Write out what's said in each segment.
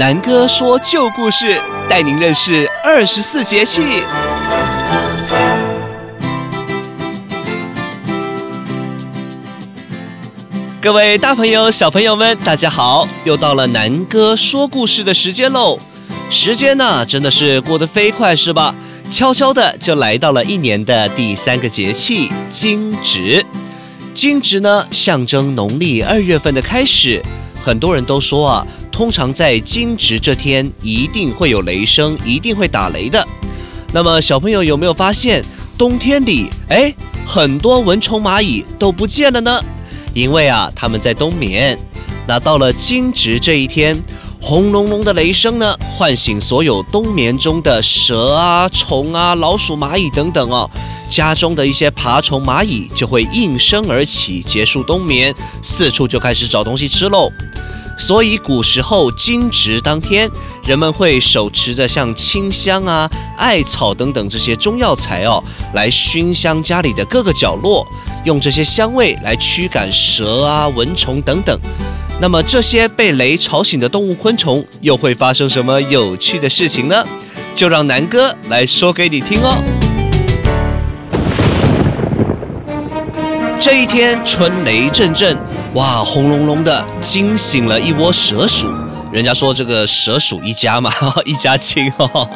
南哥說舊故事，帶您認識二十四節氣。各位大朋友、小朋友們，大家好！又到了南哥說故事的時間嘍。時間呢，真的是過得飛快，是吧？悄悄的就來到了一年的第三個節氣驚蟄。驚蟄呢，象徵農曆二月份的開始。很多人都說啊。通常在驚蟄這天，一定會有雷聲，一定會打雷的。那麼小朋友有沒有發現，冬天裡，誒很多蚊蟲、螞蟻都不見了呢？因為啊，它們在冬眠。那到了驚蟄這一天，轟隆隆的雷聲呢，喚醒所有冬眠中的蛇啊、蟲啊、老鼠、螞蟻等等哦。家中的一些爬蟲、螞蟻就會應聲而起，結束冬眠，四處就開始找東西吃嘍。所以古時候驚蟄當天，人們會手持着像清香啊、艾草等等這些中藥材哦，來熏香家裡的各個角落，用這些香味來驅趕蛇啊、蚊蟲等等。那麼這些被雷吵醒的動物昆蟲又會發生什麼有趣的事情呢？就讓南哥來說給你聽哦。這一天春雷陣陣。哇，轟隆隆的驚醒了一窩蛇鼠。人家說這個蛇鼠一家嘛，一家親哦。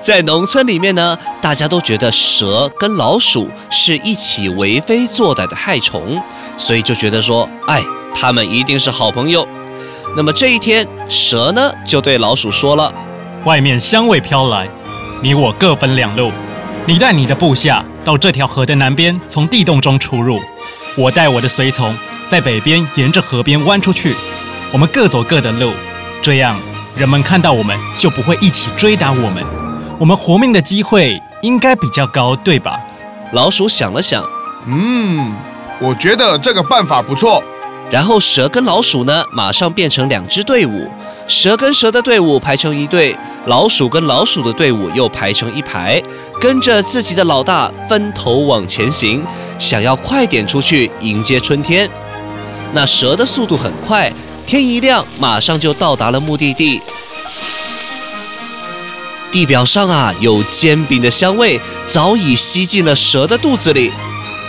在農村裡面呢，大家都覺得蛇跟老鼠是一起為非作歹的害蟲，所以就覺得說，哎，他們一定是好朋友。那麼這一天，蛇呢就對老鼠說了：“外面香味飄來，你我各分兩路，你帶你的部下到這條河的南邊，從地洞中出入；我帶我的隨從。”在北邊沿着河邊彎出去，我們各走各的路，這樣人們看到我們就不會一起追打我們，我們活命的機會應該比較高，對吧？老鼠想了想，嗯，我覺得這個辦法不錯。然後蛇跟老鼠呢，馬上變成兩支隊伍，蛇跟蛇的隊伍排成一隊，老鼠跟老鼠的隊伍又排成一排，跟着自己的老大分頭往前行，想要快點出去迎接春天。那蛇的速度很快，天一亮馬上就到達了目的地。地表上啊，有煎餅的香味早已吸進了蛇的肚子裡。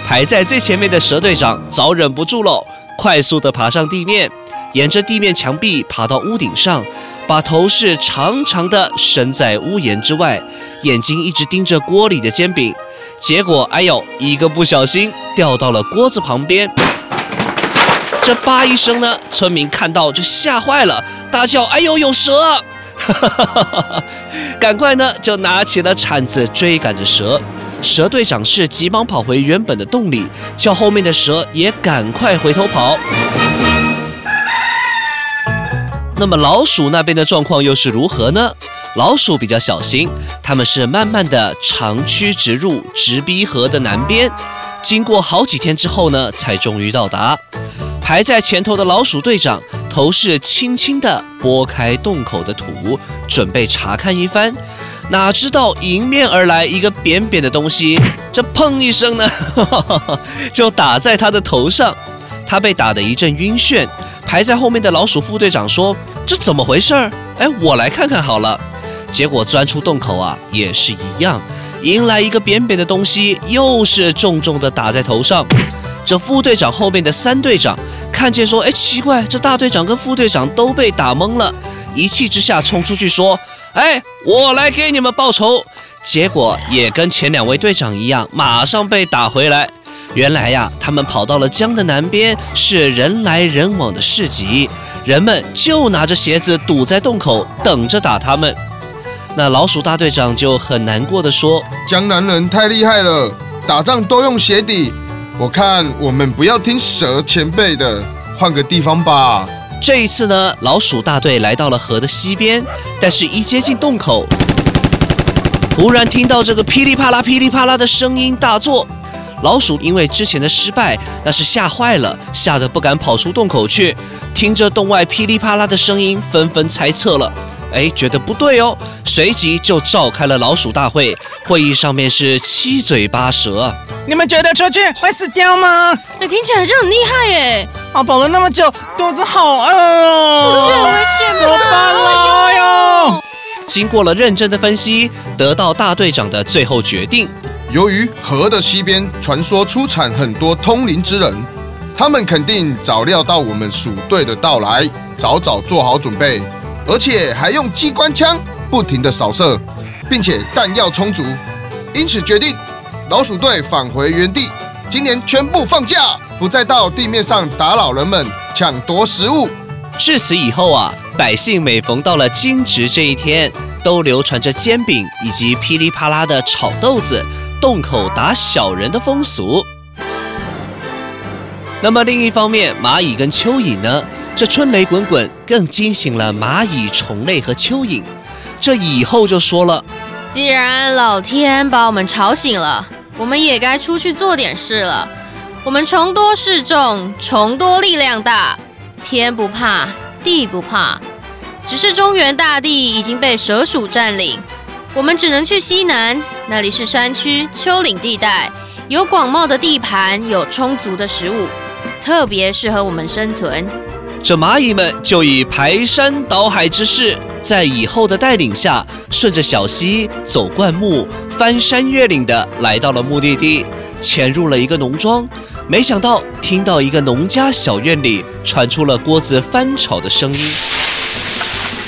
排在最前面的蛇隊長早忍不住嘍，快速的爬上地面，沿着地面牆壁爬到屋頂上，把頭是長長的伸在屋檐之外，眼睛一直盯着鍋裡的煎餅。結果，哎呦，一個不小心掉到了鍋子旁邊。這吧一聲呢，村民看到就嚇壞了，大叫：“哎呦，有蛇！” 趕快呢，就拿起了鏟子追趕着蛇。蛇隊長是急忙跑回原本的洞裡，叫後面的蛇也趕快回頭跑。那麼老鼠那邊的狀況又是如何呢？老鼠比較小心，他們是慢慢的長驅直入，直逼河的南邊。經過好幾天之後呢，才終於到達。排在前頭的老鼠隊長頭是輕輕地撥開洞口的土，準備查看一番，哪知道迎面而來一個扁扁的東西，這砰一聲呢呵呵呵，就打在他的頭上，他被打得一陣暈眩。排在後面的老鼠副隊長說：“這怎麼回事兒？哎，我來看看好了。”結果鑽出洞口啊，也是一樣，迎來一個扁扁的東西，又是重重的打在頭上。這副隊長後面的三隊長看見說：“哎，奇怪，這大隊長跟副隊長都被打懵了。”一氣之下衝出去說：“哎，我來給你們報仇！”結果也跟前兩位隊長一樣，馬上被打回來。原來呀、啊，他們跑到了江的南邊，是人來人往的市集，人們就拿着鞋子堵在洞口等着打他們。那老鼠大隊長就很難過的說：“江南人太厲害了，打仗都用鞋底。”我看我們不要聽蛇前輩的，換個地方吧。這一次呢，老鼠大隊來到了河的西邊，但是，一接近洞口，忽然聽到這個噼裡啪啦、噼裡啪啦的聲音大作。老鼠因為之前的失敗，那是嚇壞了，嚇得不敢跑出洞口去，聽着洞外噼裡啪啦的聲音，紛紛猜測了。哎，覺得不對哦，隨即就召開了老鼠大會。會議上面是七嘴八舌。你們覺得出去會死掉嗎？哎，聽起來就很厲害耶。啊，跑了那麼久，肚子好餓哦。出去很危險嗎？怎麼辦啦哎呦！經過了認真的分析，得到大隊長的最後決定。由於河的西邊傳說出產很多通靈之人，他們肯定早料到我們鼠隊的到來，早早做好準備。而且還用機關槍不停的掃射，並且彈藥充足，因此決定老鼠隊返回原地。今年全部放假，不再到地面上打擾人們搶奪食物。至此以後啊，百姓每逢到了驚蟄這一天，都流傳着煎餅以及噼裡啪啦的炒豆子、洞口打小人的風俗。那麼另一方面，螞蟻跟蚯蚓呢？這春雷滾滾，更驚醒了螞蟻、蟲類和蚯蚓。這以後就說了：“既然老天把我們吵醒了，我們也該出去做點事了。我們蟲多勢眾，蟲多力量大，天不怕地不怕。只是中原大地已經被蛇鼠佔領，我們只能去西南，那裡是山區丘陵地帶，有廣袤的地盤，有充足的食物，特別適合我們生存。”這螞蟻們就以排山倒海之勢，在蟻後的帶領下，順着小溪走灌木，翻山越嶺的來到了目的地，潛入了一個農莊。沒想到聽到一個農家小院裡傳出了鍋子翻炒的聲音，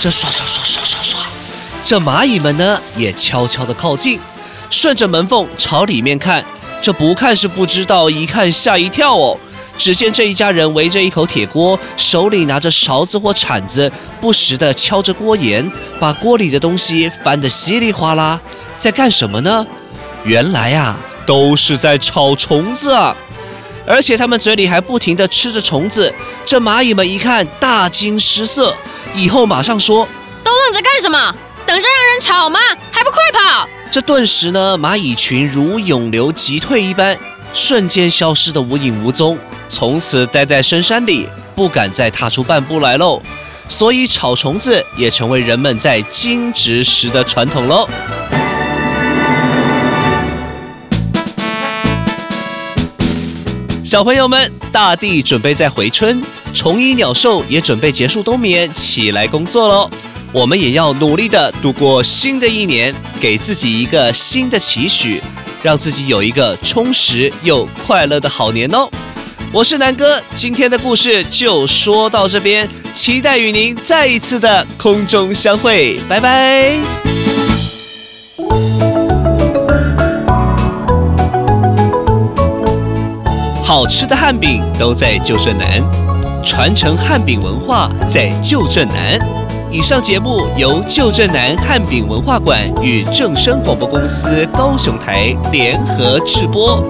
這刷刷刷刷刷刷，這螞蟻們呢也悄悄的靠近，順着門縫朝裡面看，這不看是不知道，一看嚇一跳哦。只見這一家人圍着一口鐵鍋，手裡拿着勺子或鏟子，不時地敲着鍋沿，把鍋裡的東西翻得稀里嘩啦。在幹什麼呢？原來啊，都是在炒蟲子啊！而且他們嘴裡還不停地吃着蟲子。這螞蟻們一看，大驚失色，以後馬上說：“都愣着幹什麼？等着讓人炒嗎？還不快跑！”這頓時呢，螞蟻群如湧流急退一般。瞬間消失的無影無蹤，從此待在深山裡，不敢再踏出半步來嘍。所以，炒蟲子也成為人們在驚蟄時的傳統嘍。小朋友們，大地準備在回春，蟲蟻鳥獸也準備結束冬眠，起來工作嘍。我們也要努力的度過新的一年，給自己一個新的期許。讓自己有一個充實又快樂的好年哦！我是南哥，今天的故事就說到這邊，期待與您再一次的空中相會，拜拜。好吃的漢餅都在舊振南，傳承漢餅文化在舊振南。以上節目由舊振南漢餅文化館與正聲廣播公司高雄台聯合製播。